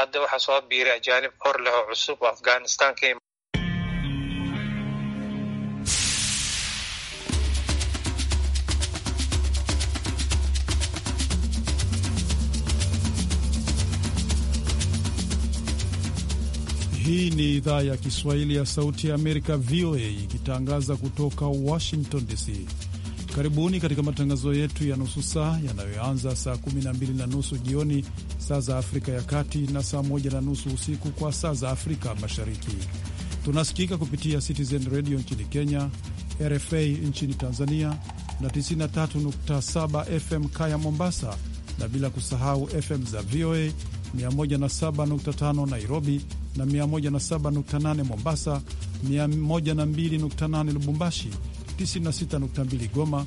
Hadda waxaa soo biiray ajaanib hor leh oo cusub oo Afghanistan ka Hii ni idhaa ya Kiswahili ya Sauti ya Amerika, VOA, ikitangaza kutoka Washington DC. Karibuni katika matangazo yetu ya nusu saa yanayoanza saa 12 na nusu jioni saa za Afrika ya Kati na saa moja na nusu usiku kwa saa za Afrika Mashariki. Tunasikika kupitia Citizen Radio nchini Kenya, RFA nchini Tanzania na 93.7 FM Kaya Mombasa, na bila kusahau FM za VOA 107.5 Nairobi na 107.8 Mombasa, 102.8 Lubumbashi, 96.2 Goma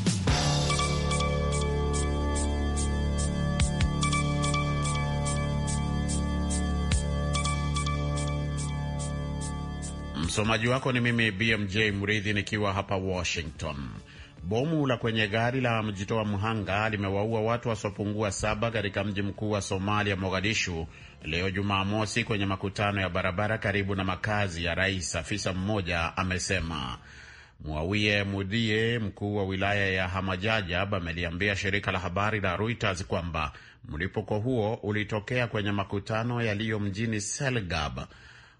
Msomaji wako ni mimi BMJ Mridhi nikiwa hapa Washington. Bomu la kwenye gari la mjitoa mhanga limewaua watu wasiopungua saba katika mji mkuu wa Somalia, Mogadishu, leo Jumamosi, kwenye makutano ya barabara karibu na makazi ya rais, afisa mmoja amesema. Mwawie Mudie, mkuu wa wilaya ya Hamajajab, ameliambia shirika la habari la Reuters kwamba mlipuko huo ulitokea kwenye makutano yaliyo mjini Selgab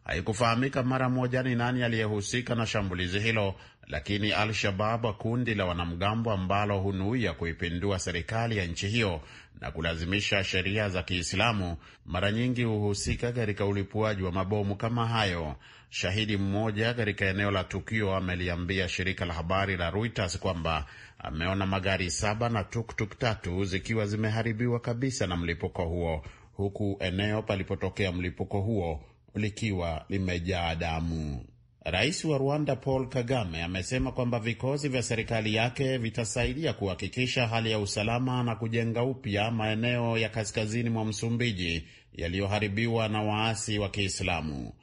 Haikufahamika mara moja ni nani aliyehusika na shambulizi hilo, lakini Al-Shabab, kundi la wanamgambo ambalo hunuia kuipindua serikali ya nchi hiyo na kulazimisha sheria za Kiislamu, mara nyingi huhusika katika ulipuaji wa mabomu kama hayo. Shahidi mmoja katika eneo la tukio ameliambia shirika la habari la Reuters kwamba ameona magari saba na tuktuk tatu zikiwa zimeharibiwa kabisa na mlipuko huo, huku eneo palipotokea mlipuko huo likiwa limejaa damu. Rais wa Rwanda Paul Kagame amesema kwamba vikosi vya serikali yake vitasaidia kuhakikisha hali ya usalama na kujenga upya maeneo ya kaskazini mwa Msumbiji yaliyoharibiwa na waasi wa Kiislamu.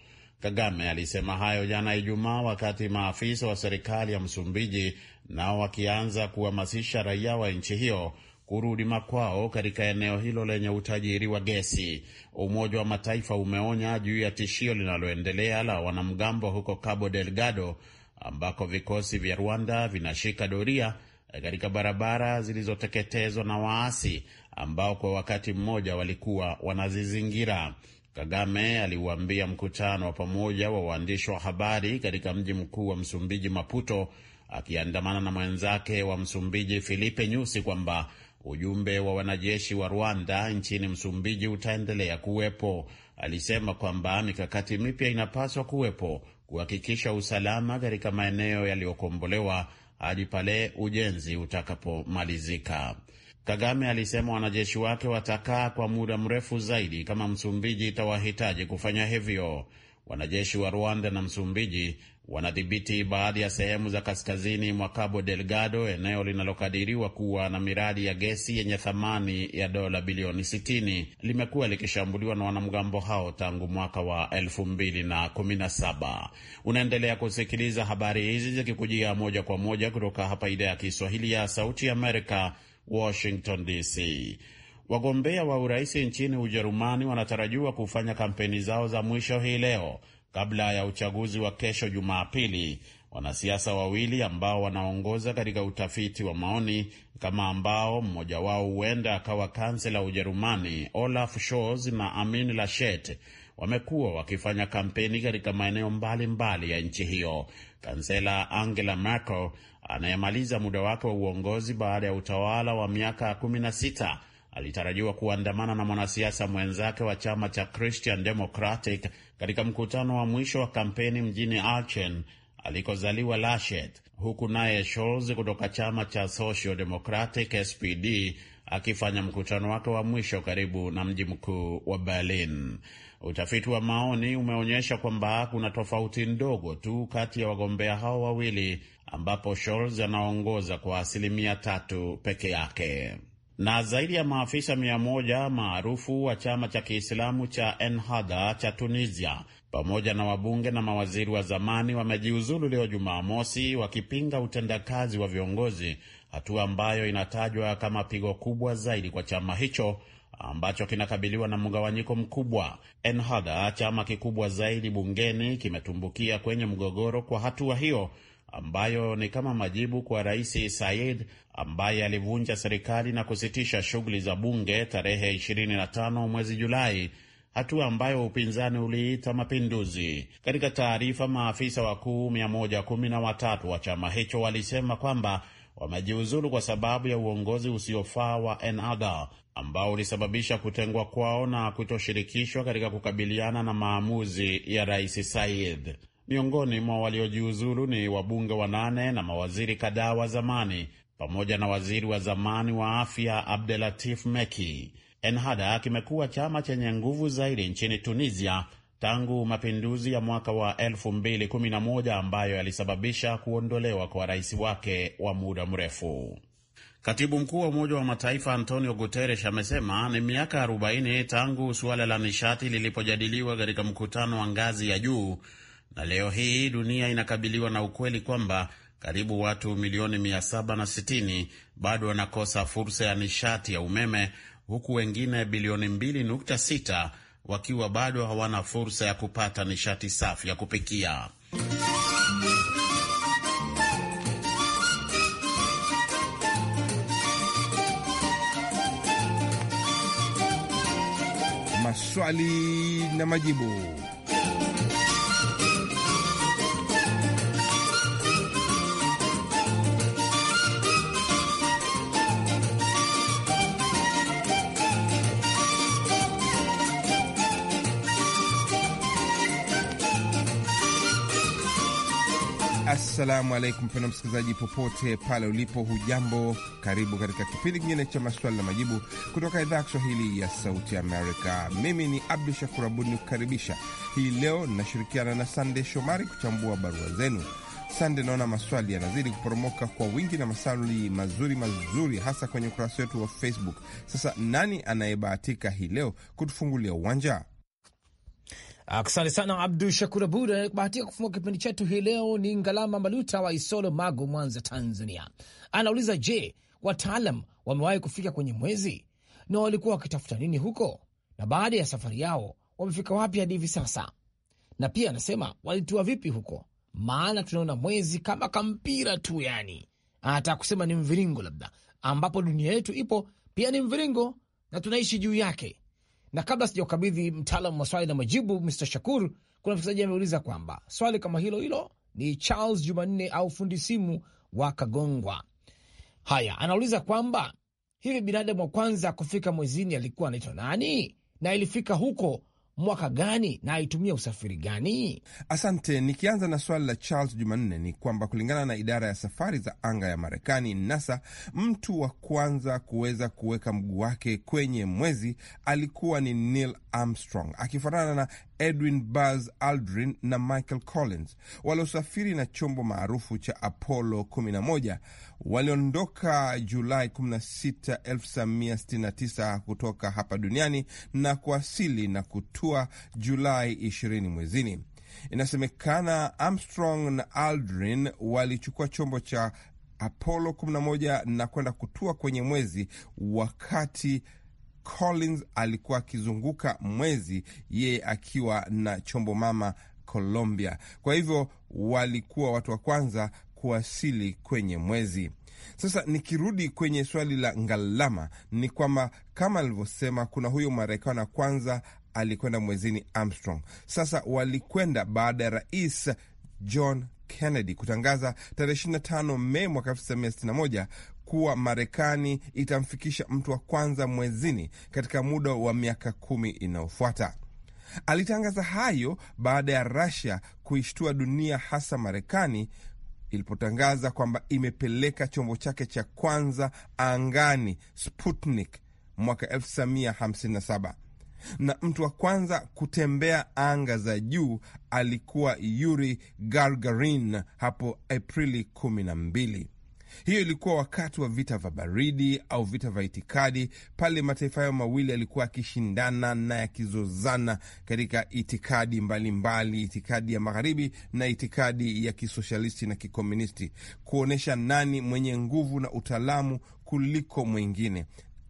Kagame alisema hayo jana Ijumaa wakati maafisa wa serikali ya Msumbiji nao wakianza kuhamasisha raia wa nchi hiyo kurudi makwao katika eneo hilo lenye utajiri wa gesi. Umoja wa Mataifa umeonya juu ya tishio linaloendelea la wanamgambo huko Cabo Delgado ambako vikosi vya Rwanda vinashika doria katika barabara zilizoteketezwa na waasi ambao kwa wakati mmoja walikuwa wanazizingira. Kagame aliuambia mkutano wa pamoja wa waandishi wa habari katika mji mkuu wa Msumbiji, Maputo, akiandamana na mwenzake wa Msumbiji Filipe Nyusi kwamba Ujumbe wa wanajeshi wa Rwanda nchini Msumbiji utaendelea kuwepo. Alisema kwamba mikakati mipya inapaswa kuwepo kuhakikisha usalama katika maeneo yaliyokombolewa hadi pale ujenzi utakapomalizika. Kagame alisema wanajeshi wake watakaa kwa muda mrefu zaidi kama Msumbiji itawahitaji kufanya hivyo. Wanajeshi wa Rwanda na Msumbiji wanadhibiti baadhi ya sehemu za kaskazini mwa Cabo Delgado, eneo linalokadiriwa kuwa na miradi ya gesi yenye thamani ya dola bilioni 60. Limekuwa likishambuliwa na wanamgambo hao tangu mwaka wa 2017. Unaendelea kusikiliza habari hizi zikikujia moja kwa moja kutoka hapa idhaa ya Kiswahili ya Sauti ya Amerika, Washington DC. Wagombea wa urais nchini Ujerumani wanatarajiwa kufanya kampeni zao za mwisho hii leo kabla ya uchaguzi wa kesho Jumapili, wanasiasa wawili ambao wanaongoza katika utafiti wa maoni kama ambao mmoja wao huenda akawa kansela Ujerumani, Olaf Scholz na Amin Laschet wamekuwa wakifanya kampeni katika maeneo mbalimbali ya nchi hiyo. Kansela Angela Merkel anayemaliza muda wake wa uongozi baada ya utawala wa miaka 16 alitarajiwa kuandamana na mwanasiasa mwenzake wa chama cha Christian Democratic katika mkutano wa mwisho wa kampeni mjini Achen alikozaliwa lashet huku naye Scholz kutoka chama cha Social Democratic SPD akifanya mkutano wake wa mwisho karibu na mji mkuu wa Berlin. Utafiti wa maoni umeonyesha kwamba kuna tofauti ndogo tu kati ya wagombea hao wawili, ambapo Scholz anaongoza kwa asilimia tatu peke yake na zaidi ya maafisa mia moja maarufu wa chama cha Kiislamu cha Ennahda cha Tunisia pamoja na wabunge na mawaziri wa zamani wamejiuzulu leo Jumamosi wakipinga utendakazi wa viongozi, hatua ambayo inatajwa kama pigo kubwa zaidi kwa chama hicho ambacho kinakabiliwa na mgawanyiko mkubwa. Ennahda, chama kikubwa zaidi bungeni, kimetumbukia kwenye mgogoro kwa hatua hiyo ambayo ni kama majibu kwa Rais Said ambaye alivunja serikali na kusitisha shughuli za bunge tarehe 25 mwezi Julai, hatua ambayo upinzani uliita mapinduzi. Katika taarifa, maafisa wakuu 113 wa chama hicho walisema kwamba wamejiuzulu kwa sababu ya uongozi usiofaa wa Ennahda ambao ulisababisha kutengwa kwao na kutoshirikishwa katika kukabiliana na maamuzi ya Rais Said. Miongoni mwa waliojiuzulu ni wabunge wanane na mawaziri kadhaa wa zamani pamoja na waziri wa zamani wa afya Abdelatif Meki. Ennahda kimekuwa chama chenye nguvu zaidi nchini Tunisia tangu mapinduzi ya mwaka wa 2011 ambayo yalisababisha kuondolewa kwa rais wake wa muda mrefu. Katibu mkuu wa Umoja wa Mataifa Antonio Guterres amesema ni miaka 40 tangu suala la nishati lilipojadiliwa katika mkutano wa ngazi ya juu na leo hii dunia inakabiliwa na ukweli kwamba karibu watu milioni 760 bado wanakosa fursa ya nishati ya umeme huku wengine bilioni 2.6 wakiwa bado hawana fursa ya kupata nishati safi ya kupikia. Maswali na majibu. Assalamu alaikum pena msikilizaji, popote pale ulipo, hujambo? Karibu katika kipindi kingine cha maswali na majibu kutoka idhaa ya Kiswahili ya Sauti Amerika. Mimi ni Abdu Shakur Abud ni kukaribisha hii leo. Ninashirikiana na Sande Shomari kuchambua barua zenu. Sande, naona maswali yanazidi kuporomoka kwa wingi na maswali mazuri mazuri, hasa kwenye ukurasa wetu wa Facebook. Sasa nani anayebahatika hii leo kutufungulia uwanja? Asante sana Abdu Shakur Abud. Anayebahatika eh, kufungua kipindi chetu hii leo ni Ngalama Maluta wa Isolo, Magu, Mwanza, Tanzania. Anauliza, je, wataalam wamewahi kufika kwenye mwezi na walikuwa wakitafuta nini huko, na baada ya safari yao wamefika wapi hadi hivi sasa? Na pia anasema walitua vipi huko, maana tunaona mwezi kama kampira tu, yani anataka kusema ni mviringo labda, ambapo dunia yetu ipo pia ni mviringo na tunaishi juu yake. Na kabla sijaukabidhi mtaalamu wa maswali na majibu Mr Shakur, kuna msikilizaji ameuliza kwamba swali kama hilo hilo ni Charles Jumanne au fundi simu wa Kagongwa. Haya, anauliza kwamba hivi binadamu wa kwanza kufika mwezini alikuwa anaitwa nani, na ilifika huko mwaka gani na aitumia usafiri gani? Asante. Nikianza na swali la Charles Jumanne, ni kwamba kulingana na idara ya safari za anga ya Marekani, NASA, mtu wa kwanza kuweza kuweka mguu wake kwenye mwezi alikuwa ni Neil Armstrong, akifuatana na Edwin Buzz Aldrin na Michael Collins waliosafiri na chombo maarufu cha Apollo 11 waliondoka Julai 16, 1969 kutoka hapa duniani na kuasili na kutua Julai 20 mwezini. Inasemekana Armstrong na Aldrin walichukua chombo cha Apollo 11 na kwenda kutua kwenye mwezi wakati Collins alikuwa akizunguka mwezi, yeye akiwa na chombo mama Colombia. Kwa hivyo walikuwa watu wa kwanza kuwasili kwenye mwezi. Sasa nikirudi kwenye swali la Ngalama, ni kwamba kama alivyosema, kuna huyo Marekani wa kwanza alikwenda mwezini, Armstrong. Sasa walikwenda baada ya rais John Kennedy kutangaza tarehe 25 Mei mwaka 1961 kuwa Marekani itamfikisha mtu wa kwanza mwezini katika muda wa miaka kumi inayofuata. Alitangaza hayo baada ya Rasia kuishtua dunia, hasa Marekani ilipotangaza kwamba imepeleka chombo chake cha kwanza angani Sputnik mwaka 1957 na mtu wa kwanza kutembea anga za juu alikuwa Yuri Gagarin hapo Aprili mbili. Hiyo ilikuwa wakati wa vita vya baridi au vita vya itikadi, pale mataifa hayo mawili yalikuwa yakishindana na yakizozana katika itikadi mbalimbali mbali, itikadi ya magharibi na itikadi ya kisoshalisti na kikomunisti, kuonyesha nani mwenye nguvu na utaalamu kuliko mwingine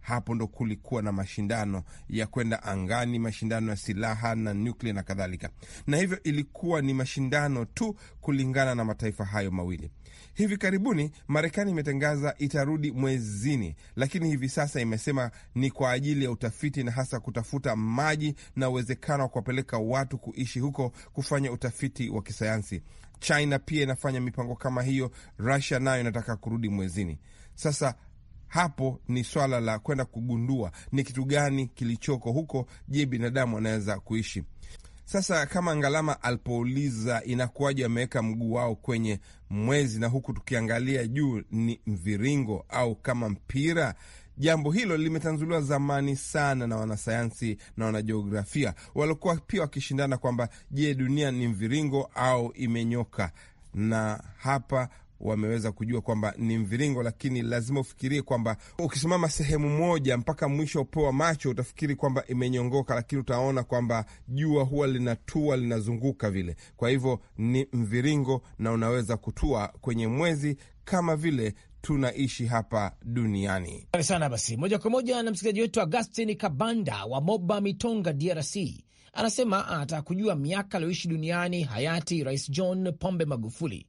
hapo ndo kulikuwa na mashindano ya kwenda angani, mashindano ya silaha na nuklia na kadhalika, na hivyo ilikuwa ni mashindano tu kulingana na mataifa hayo mawili. Hivi karibuni Marekani imetangaza itarudi mwezini, lakini hivi sasa imesema ni kwa ajili ya utafiti na hasa kutafuta maji na uwezekano wa kuwapeleka watu kuishi huko kufanya utafiti wa kisayansi. China pia inafanya mipango kama hiyo. Rusia nayo inataka kurudi mwezini. Sasa hapo ni swala la kwenda kugundua ni kitu gani kilichoko huko. Je, binadamu anaweza kuishi? Sasa kama Ngalama alipouliza inakuwaje ameweka mguu wao kwenye mwezi, na huku tukiangalia juu ni mviringo au kama mpira, jambo hilo limetanzuliwa zamani sana na wanasayansi na wanajiografia waliokuwa pia wakishindana kwamba je, dunia ni mviringo au imenyoka, na hapa wameweza kujua kwamba ni mviringo, lakini lazima ufikirie kwamba ukisimama sehemu moja mpaka mwisho upewa macho, utafikiri kwamba imenyongoka, lakini utaona kwamba jua huwa linatua linazunguka vile. Kwa hivyo ni mviringo na unaweza kutua kwenye mwezi kama vile tunaishi hapa duniani. Asante sana. Basi moja kwa moja na msikilizaji wetu Agustin Kabanda wa Moba Mitonga, DRC anasema anataka kujua miaka aliyoishi duniani hayati Rais John Pombe Magufuli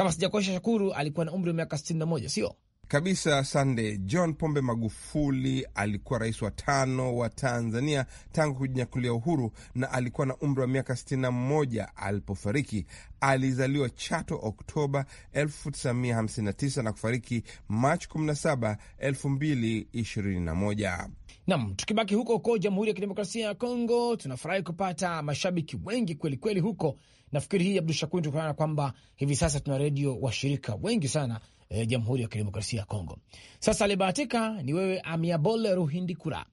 kama sijakosha, Shakuru alikuwa na umri wa miaka sitini na moja, sio kabisa. Sande, John Pombe Magufuli alikuwa rais wa tano wa Tanzania tangu kujinyakulia uhuru na alikuwa na umri wa miaka 61 alipofariki. Alizaliwa Chato Oktoba 1959 na kufariki Machi 17, 2021. Nam, tukibaki huko huko Jamhuri ya Kidemokrasia ya Kongo, tunafurahi kupata mashabiki wengi kwelikweli kweli huko. Nafikiri hii Abdu shakuri tukutana na kwamba hivi sasa tuna redio washirika wengi sana eh, Jamhuri ya Kidemokrasia ya Kongo. Sasa alibahatika ni wewe Amiabole Ruhindikura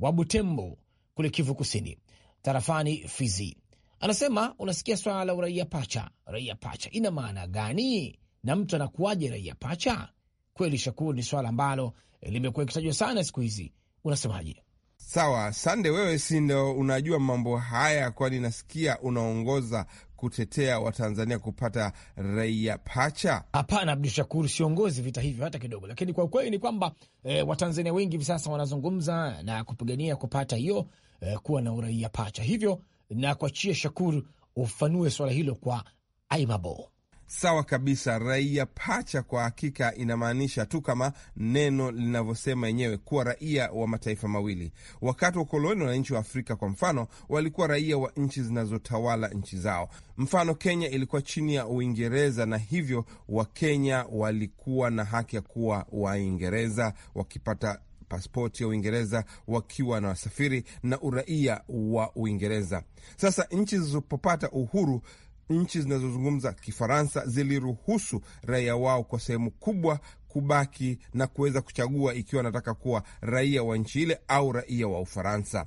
wa Butembo kule Kivu Kusini, tarafani Fizi. Anasema unasikia swala la uraia pacha. Raia pacha ina maana gani, na mtu anakuwaje raia pacha? Kweli Shakuru, ni swala ambalo eh, limekuwa ikitajwa sana siku hizi, unasemaje? Sawa, Sande, wewe si ndo unajua mambo haya, kwani nasikia unaongoza kutetea Watanzania kupata raia pacha? Hapana, Abdu Shakur, siongozi vita hivyo hata kidogo, lakini kwa ukweli ni kwamba e, Watanzania wengi hivi sasa wanazungumza na kupigania kupata hiyo e, kuwa na uraia pacha. Hivyo na kuachia Shakur ufanue swala hilo kwa Aimabo. Sawa kabisa, raia pacha kwa hakika inamaanisha tu kama neno linavyosema yenyewe kuwa raia wa mataifa mawili. Wakati wa ukoloni, wananchi wa Afrika kwa mfano walikuwa raia wa nchi zinazotawala nchi zao. Mfano, Kenya ilikuwa chini ya Uingereza na hivyo Wakenya walikuwa na haki ya kuwa Waingereza wakipata paspoti ya Uingereza wakiwa na wasafiri na uraia wa Uingereza. Sasa nchi zilizopopata uhuru nchi zinazozungumza Kifaransa ziliruhusu raia wao kwa sehemu kubwa kubaki na kuweza kuchagua ikiwa anataka kuwa raia wa nchi ile au raia wa Ufaransa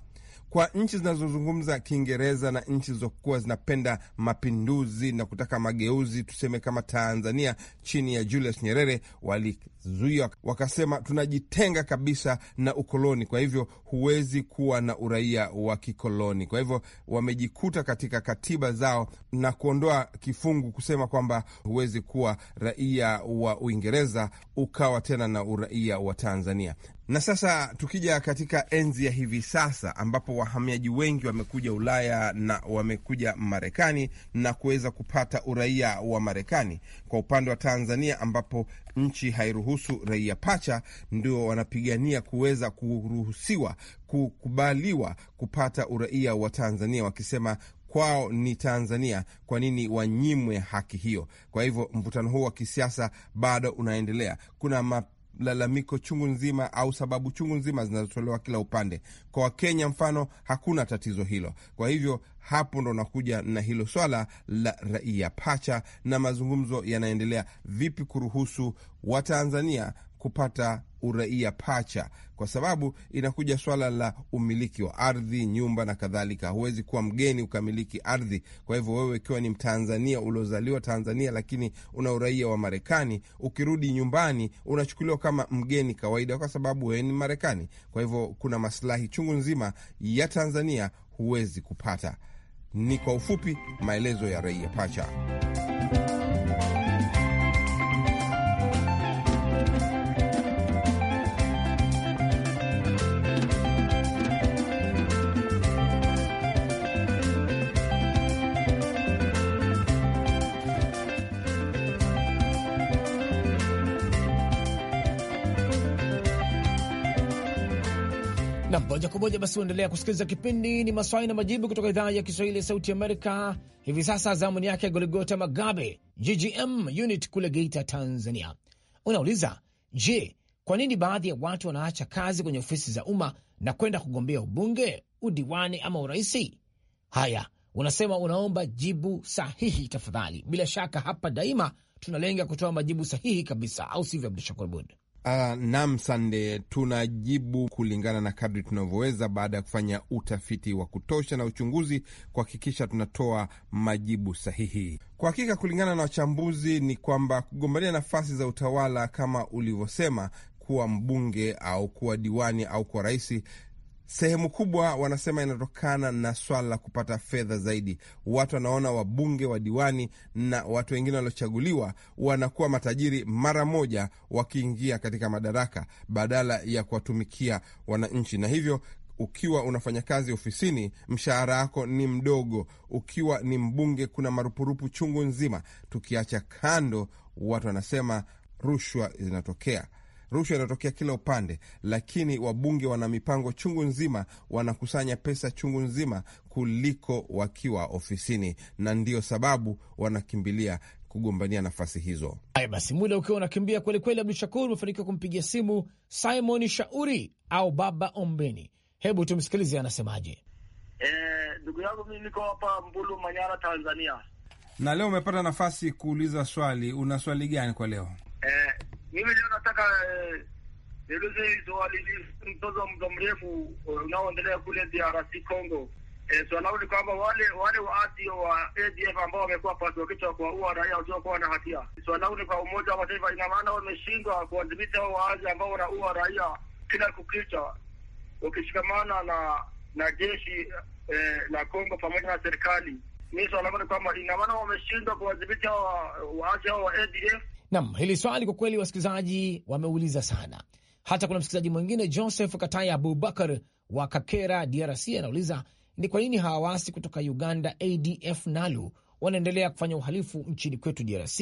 kwa nchi zinazozungumza Kiingereza na nchi zilizokuwa zinapenda mapinduzi na kutaka mageuzi, tuseme kama Tanzania chini ya Julius Nyerere, walizuia wakasema, tunajitenga kabisa na ukoloni, kwa hivyo huwezi kuwa na uraia wa kikoloni. Kwa hivyo wamejikuta katika katiba zao na kuondoa kifungu kusema kwamba huwezi kuwa raia wa Uingereza ukawa tena na uraia wa Tanzania. Na sasa tukija katika enzi ya hivi sasa ambapo wahamiaji wengi wamekuja Ulaya na wamekuja Marekani na kuweza kupata uraia wa Marekani. Kwa upande wa Tanzania ambapo nchi hairuhusu raia pacha, ndio wanapigania kuweza kuruhusiwa kukubaliwa kupata uraia wa Tanzania wakisema kwao ni Tanzania, kwa nini wanyimwe haki hiyo? Kwa hivyo mvutano huu wa kisiasa bado unaendelea. Kuna lalamiko chungu nzima au sababu chungu nzima zinazotolewa kila upande. Kwa Wakenya mfano, hakuna tatizo hilo. Kwa hivyo hapo ndo nakuja na hilo swala la raia pacha, na mazungumzo yanaendelea vipi kuruhusu Watanzania kupata uraia pacha, kwa sababu inakuja swala la umiliki wa ardhi, nyumba na kadhalika. Huwezi kuwa mgeni ukamiliki ardhi. Kwa hivyo wewe ikiwa ni Mtanzania uliozaliwa Tanzania, lakini una uraia wa Marekani, ukirudi nyumbani unachukuliwa kama mgeni kawaida, kwa sababu wewe ni Marekani. Kwa hivyo kuna masilahi chungu nzima ya Tanzania huwezi kupata. Ni kwa ufupi maelezo ya raia pacha. na moja kwa moja basi uendelea kusikiliza kipindi ni maswali na majibu kutoka idhaa ya Kiswahili ya Sauti Amerika. Hivi sasa zamuni yake Goligota Magabe GGM unit kule Geita, Tanzania, unauliza je, kwa nini baadhi ya watu wanaacha kazi kwenye ofisi za umma na kwenda kugombea ubunge, udiwani ama uraisi? Haya, unasema unaomba jibu sahihi tafadhali. Bila shaka hapa daima tunalenga kutoa majibu sahihi kabisa, au sivyo, Abdushakur Abud? Uh, ah, nam sande, tunajibu kulingana na kadri tunavyoweza, baada ya kufanya utafiti wa kutosha na uchunguzi kuhakikisha tunatoa majibu sahihi. Kwa hakika, kulingana na wachambuzi ni kwamba kugombania nafasi za utawala kama ulivyosema, kuwa mbunge au kuwa diwani au kuwa raisi Sehemu kubwa wanasema inatokana na swala la kupata fedha zaidi. Watu wanaona wabunge, wadiwani na watu wengine waliochaguliwa wanakuwa matajiri mara moja wakiingia katika madaraka, badala ya kuwatumikia wananchi, na hivyo ukiwa unafanya kazi ofisini, mshahara wako ni mdogo. Ukiwa ni mbunge, kuna marupurupu chungu nzima, tukiacha kando, watu wanasema rushwa zinatokea. Rushwa inatokea kila upande, lakini wabunge wana mipango chungu nzima, wanakusanya pesa chungu nzima kuliko wakiwa ofisini, na ndio sababu wanakimbilia kugombania nafasi hizo. Haya basi, muda ukiwa unakimbia kwelikweli, Abdu Shakur, umefanikiwa kumpigia simu Simon Shauri au Baba Ombeni. Hebu tumsikilize anasemaje. E, ndugu e, yangu mi niko hapa Mbulu, Manyara, Tanzania, na leo umepata nafasi kuuliza swali. Una swali gani kwa leo? E, mimi leo nataka eh, niulize hizo hili, mzozo mda mrefu unaoendelea kule DRC Congo. Eh, swala ni kwamba wale wale waasi wa ADF ambao wamekuwa pasi kwa kuwaua raia wasiokuwa na hatia, swala ni kwa Umoja wa Mataifa, ina maana wameshindwa kuwadhibiti hao waasi ambao wanaua raia kila kukicha, wakishikamana na na jeshi eh, la Congo pamoja na serikali. Mi swala ni kwamba ina maana wameshindwa kuwadhibiti hao waasi hao wa ADF Nam, hili swali kwa kweli wasikilizaji wameuliza sana. Hata kuna msikilizaji mwingine Joseph Kataya Abubakar wa Kakera, DRC, anauliza ni kwa nini hawawasi kutoka Uganda ADF NALU wanaendelea kufanya uhalifu nchini kwetu DRC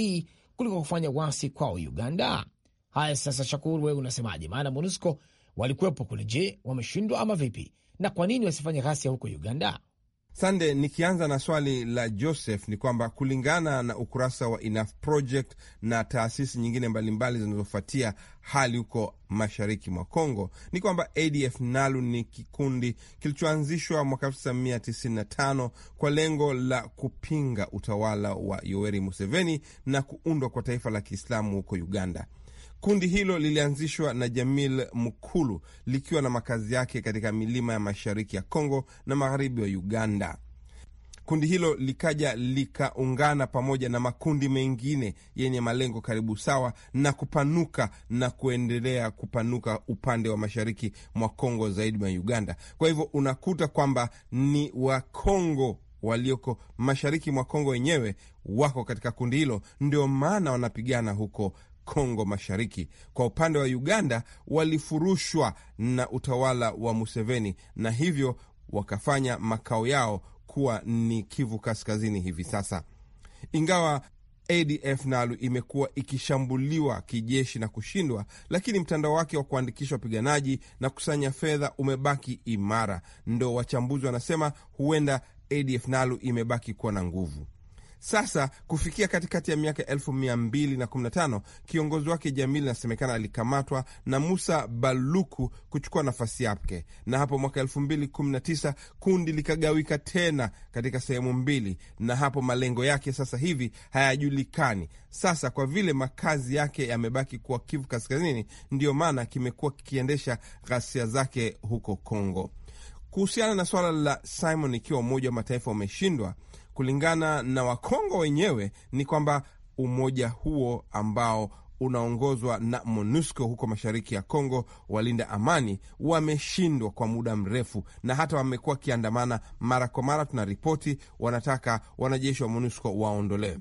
kuliko kufanya wasi kwao Uganda. Haya sasa, Shakuru, wewe unasemaje? Maana MONUSCO walikuwepo kule, je, wameshindwa ama vipi? Na kwa nini wasifanye ghasia huko Uganda? Sande, nikianza na swali la Joseph ni kwamba kulingana na ukurasa wa Enough Project na taasisi nyingine mbalimbali zinazofuatia hali huko mashariki mwa congo ni kwamba ADF NALU ni kikundi kilichoanzishwa mwaka 1995 kwa lengo la kupinga utawala wa Yoweri Museveni na kuundwa kwa taifa la Kiislamu huko Uganda. Kundi hilo lilianzishwa na Jamil Mukulu likiwa na makazi yake katika milima ya mashariki ya Kongo na magharibi wa Uganda. Kundi hilo likaja likaungana pamoja na makundi mengine yenye malengo karibu sawa na kupanuka na kuendelea kupanuka upande wa mashariki mwa Kongo zaidi mwa Uganda. Kwa hivyo unakuta kwamba ni Wakongo walioko mashariki mwa Kongo wenyewe wako katika kundi hilo, ndio maana wanapigana huko Kongo Mashariki. Kwa upande wa Uganda, walifurushwa na utawala wa Museveni na hivyo wakafanya makao yao kuwa ni Kivu Kaskazini hivi sasa, ingawa ADF nalo imekuwa ikishambuliwa kijeshi na kushindwa, lakini mtandao wake wa kuandikisha wapiganaji na kusanya fedha umebaki imara. Ndo wachambuzi wanasema huenda ADF nalo imebaki kuwa na nguvu. Sasa kufikia katikati ya miaka elfu mia mbili na kumi na tano kiongozi wake Jamil inasemekana alikamatwa na Musa Baluku kuchukua nafasi yake, na hapo mwaka elfu mbili kumi na tisa kundi likagawika tena katika sehemu mbili, na hapo malengo yake sasa hivi hayajulikani. Sasa kwa vile makazi yake yamebaki kuwa Kivu Kaskazini, ndiyo maana kimekuwa kikiendesha ghasia zake huko Kongo. Kuhusiana na swala la Simon, ikiwa Umoja wa Mataifa umeshindwa kulingana na Wakongo wenyewe ni kwamba umoja huo ambao unaongozwa na MONUSCO huko mashariki ya Kongo, walinda amani wameshindwa kwa muda mrefu, na hata wamekuwa wakiandamana mara kwa mara. Tuna ripoti wanataka wanajeshi wa MONUSCO waondolewe.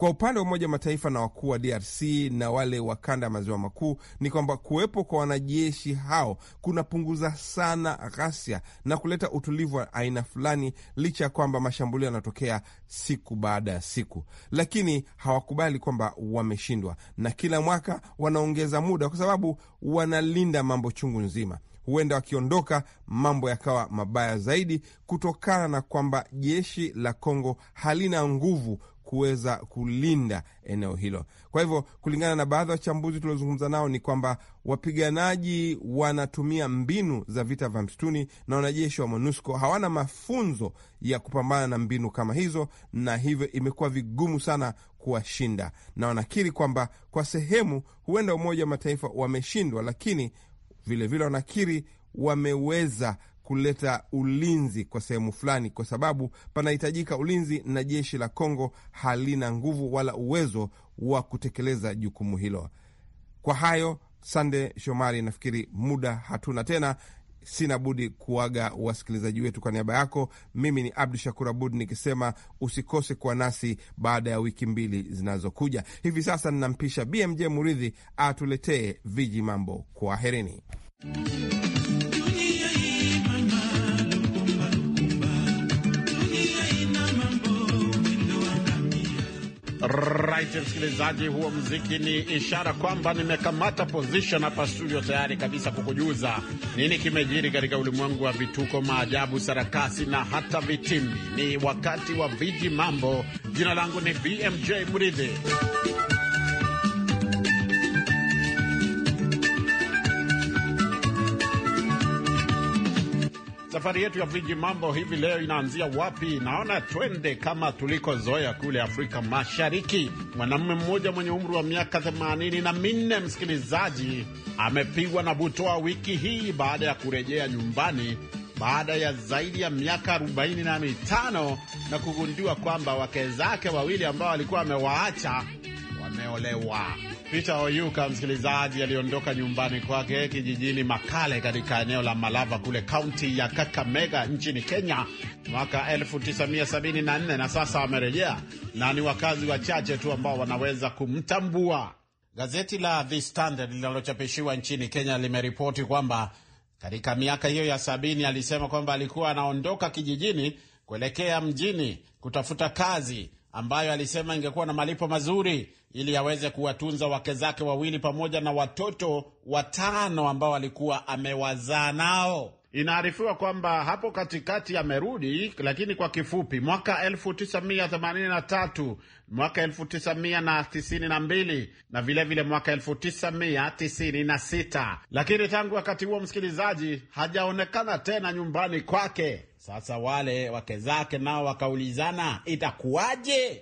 Kwa upande wa Umoja wa Mataifa na wakuu wa DRC na wale wa kanda ya maziwa makuu ni kwamba kuwepo kwa wanajeshi hao kunapunguza sana ghasia na kuleta utulivu wa aina fulani, licha ya kwamba mashambulio yanatokea siku baada ya siku, lakini hawakubali kwamba wameshindwa, na kila mwaka wanaongeza muda kwa sababu wanalinda mambo chungu nzima. Huenda wakiondoka mambo yakawa mabaya zaidi, kutokana na kwamba jeshi la Kongo halina nguvu kuweza kulinda eneo hilo. Kwa hivyo, kulingana na baadhi ya wachambuzi tuliozungumza nao ni kwamba wapiganaji wanatumia mbinu za vita vya msituni na wanajeshi wa MONUSCO hawana mafunzo ya kupambana na mbinu kama hizo, na hivyo imekuwa vigumu sana kuwashinda, na wanakiri kwamba kwa sehemu huenda Umoja wa Mataifa wameshindwa, lakini vilevile vile wanakiri wameweza kuleta ulinzi kwa sehemu fulani, kwa sababu panahitajika ulinzi na jeshi la Kongo halina nguvu wala uwezo wa kutekeleza jukumu hilo. Kwa hayo, Sande Shomari, nafikiri muda hatuna tena, sina budi kuaga wasikilizaji wetu. Kwa niaba yako, mimi ni Abdu Shakur Abud nikisema usikose kuwa nasi baada ya wiki mbili zinazokuja. Hivi sasa ninampisha BMJ Muridhi atuletee viji mambo. Kwaherini. Right, msikilizaji, huo mziki ni ishara kwamba nimekamata position hapa studio tayari kabisa kukujuza nini kimejiri katika ulimwengu wa vituko, maajabu, sarakasi na hata vitimbi. Ni wakati wa viji mambo. Jina langu ni BMJ Mridhi. Safari yetu ya viji mambo hivi leo inaanzia wapi? Naona twende kama tulikozoea kule Afrika Mashariki. Mwanamume mmoja mwenye umri wa miaka themanini na minne, msikilizaji, amepigwa na butoa wiki hii baada ya kurejea nyumbani baada ya zaidi ya miaka arobaini na mitano na kugundiwa kwamba wake zake wawili ambao alikuwa amewaacha ameolewa. Peter Oyuka, msikilizaji, aliondoka nyumbani kwake kijijini Makale katika eneo la Malava kule kaunti ya Kakamega nchini Kenya mwaka 1974 na sasa amerejea na ni wakazi wachache tu ambao wanaweza kumtambua. Gazeti la The Standard linalochapishiwa nchini Kenya limeripoti kwamba katika miaka hiyo ya sabini alisema kwamba alikuwa anaondoka kijijini kuelekea mjini kutafuta kazi ambayo alisema ingekuwa na malipo mazuri ili aweze kuwatunza wake zake wawili pamoja na watoto watano ambao alikuwa amewazaa nao. Inaarifiwa kwamba hapo katikati amerudi, lakini kwa kifupi, mwaka 1983, mwaka 1992 na vilevile vile mwaka 1996, lakini tangu wakati huo, msikilizaji, hajaonekana tena nyumbani kwake. Sasa wale wake zake nao wakaulizana, itakuwaje?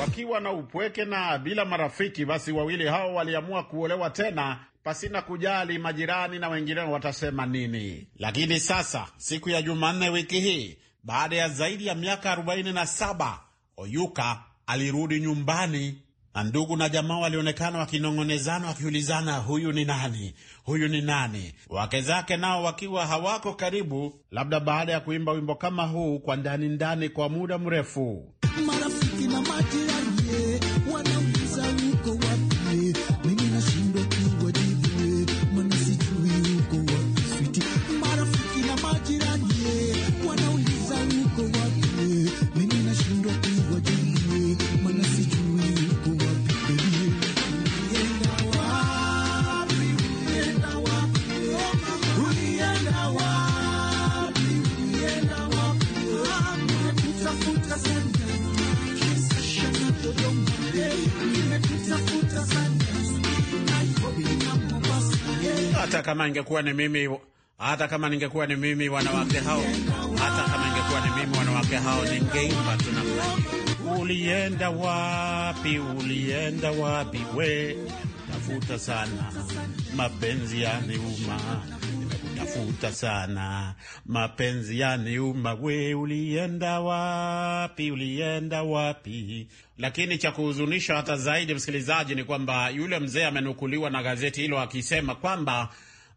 Wakiwa na upweke na bila marafiki, basi wawili hao waliamua kuolewa tena pasina kujali majirani na wengineo watasema nini. Lakini sasa siku ya Jumanne wiki hii, baada ya zaidi ya miaka 47, Oyuka alirudi nyumbani na Ndugu na jamaa walionekana wakinong'onezana, wakiulizana huyu ni nani, huyu ni nani, wake zake nao wakiwa hawako karibu, labda baada ya kuimba wimbo kama huu kwa ndani ndani kwa muda mrefu. Marafiki na majirani kama ingekuwa ni mimi, hata kama ningekuwa ni mimi, wanawake hao, hata kama ingekuwa ni mimi, wanawake hao, ningeimba tuna ulienda wapi, ulienda wapi we, tafuta sana mapenzi yaniuma Nimekutafuta sana mapenzi yaniuma, we ulienda wapi, ulienda wapi? Lakini cha kuhuzunisha hata zaidi, msikilizaji, ni kwamba yule mzee amenukuliwa na gazeti hilo akisema kwamba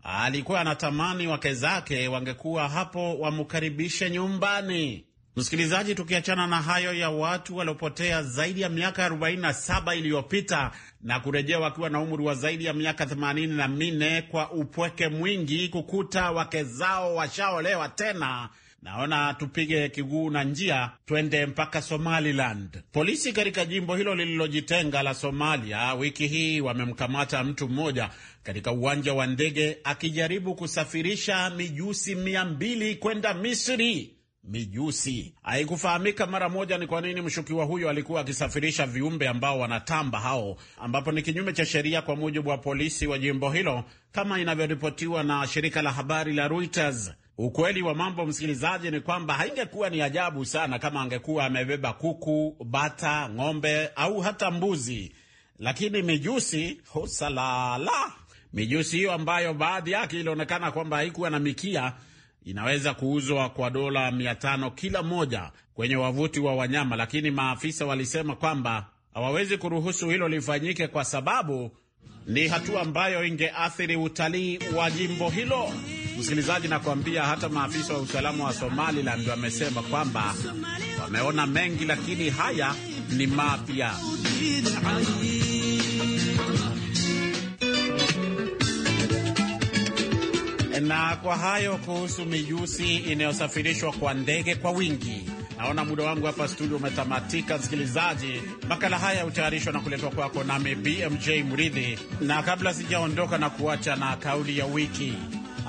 alikuwa anatamani wake zake wangekuwa hapo wamkaribishe nyumbani. Msikilizaji, tukiachana na hayo ya watu waliopotea zaidi ya miaka 47 iliyopita na kurejea wakiwa na umri wa zaidi ya miaka 84 kwa upweke mwingi kukuta wake zao washaolewa tena, naona tupige kiguu na njia twende mpaka Somaliland. Polisi katika jimbo hilo lililojitenga la Somalia wiki hii wamemkamata mtu mmoja katika uwanja wa ndege akijaribu kusafirisha mijusi mia mbili kwenda Misri. Mijusi haikufahamika mara moja ni kwa nini mshukiwa huyo alikuwa akisafirisha viumbe ambao wanatamba hao, ambapo ni kinyume cha sheria kwa mujibu wa polisi wa jimbo hilo, kama inavyoripotiwa na shirika la habari la Reuters. Ukweli wa mambo, msikilizaji, ni kwamba haingekuwa ni ajabu sana kama angekuwa amebeba kuku, bata, ng'ombe au hata mbuzi, lakini mijusi husalala Mijusi hiyo ambayo baadhi yake ilionekana kwamba haikuwa na mikia inaweza kuuzwa kwa dola mia tano kila moja kwenye wavuti wa wanyama, lakini maafisa walisema kwamba hawawezi kuruhusu hilo lifanyike kwa sababu ni hatua ambayo ingeathiri utalii wa jimbo hilo. Msikilizaji, nakwambia hata maafisa wa usalama wa Somaliland wamesema kwamba wameona mengi, lakini haya ni mapya. Na kwa hayo kuhusu mijusi inayosafirishwa kwa ndege kwa wingi. Naona muda wangu hapa studio umetamatika. Msikilizaji, makala haya hutayarishwa na kuletwa kwako nami BMJ Mridhi, na kabla sijaondoka na kuacha na kauli ya wiki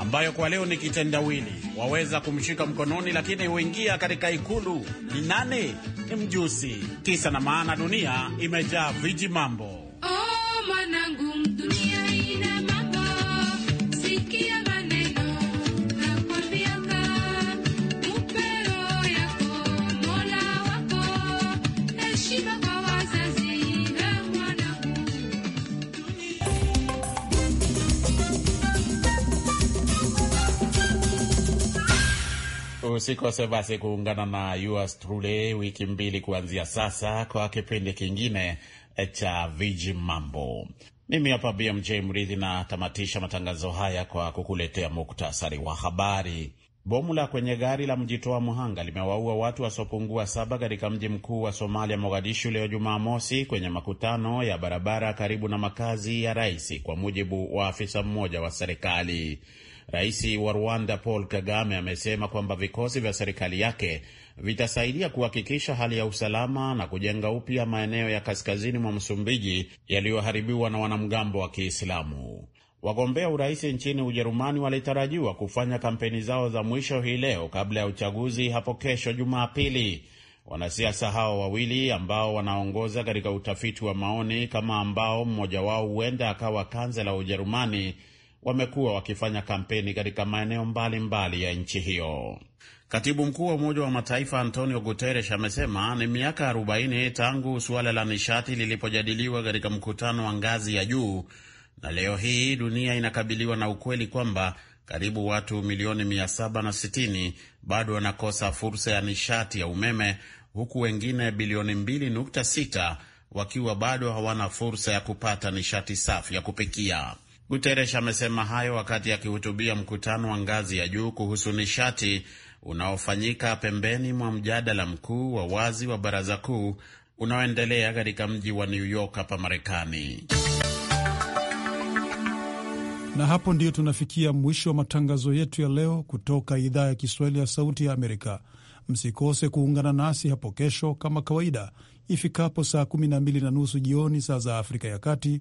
ambayo kwa leo ni kitendawili. Waweza kumshika mkononi, lakini huingia katika ikulu ni nane? Ni mjusi. Kisa na maana, dunia imejaa viji mambo. Oh, manangu, dunia Usikose basi kuungana na yours truly wiki mbili kuanzia sasa kwa kipindi kingine cha Viji Mambo. Mimi hapa BMJ Mridhi natamatisha matangazo haya kwa kukuletea muktasari wa habari. Bomu la kwenye gari la mjitoa mhanga limewaua watu wasiopungua saba katika mji mkuu wa Somalia, Mogadishu, leo Jumamosi, kwenye makutano ya barabara karibu na makazi ya rais, kwa mujibu wa afisa mmoja wa serikali. Rais wa Rwanda Paul Kagame amesema kwamba vikosi vya serikali yake vitasaidia kuhakikisha hali ya usalama na kujenga upya maeneo ya kaskazini mwa Msumbiji yaliyoharibiwa na wanamgambo wa Kiislamu. Wagombea urais nchini Ujerumani walitarajiwa kufanya kampeni zao za mwisho hii leo kabla ya uchaguzi hapo kesho Jumapili. Wanasiasa hao wawili ambao wanaongoza katika utafiti wa maoni kama ambao mmoja wao huenda akawa kansela wa Ujerumani wamekuwa wakifanya kampeni katika maeneo mbalimbali ya nchi hiyo. Katibu mkuu wa Umoja wa Mataifa Antonio Guterres amesema ni miaka 40 tangu suala la nishati lilipojadiliwa katika mkutano wa ngazi ya juu, na leo hii dunia inakabiliwa na ukweli kwamba karibu watu milioni 760 bado wanakosa fursa ya nishati ya umeme huku wengine bilioni 2.6 wakiwa bado hawana fursa ya kupata nishati safi ya kupikia. Guteresh amesema hayo wakati akihutubia mkutano wa ngazi ya juu kuhusu nishati unaofanyika pembeni mwa mjadala mkuu wa wazi wa baraza kuu unaoendelea katika mji wa New York hapa Marekani. Na hapo ndiyo tunafikia mwisho wa matangazo yetu ya leo kutoka idhaa ya Kiswahili ya Sauti ya Amerika. Msikose kuungana nasi hapo kesho kama kawaida ifikapo saa 12 na nusu jioni saa za Afrika ya Kati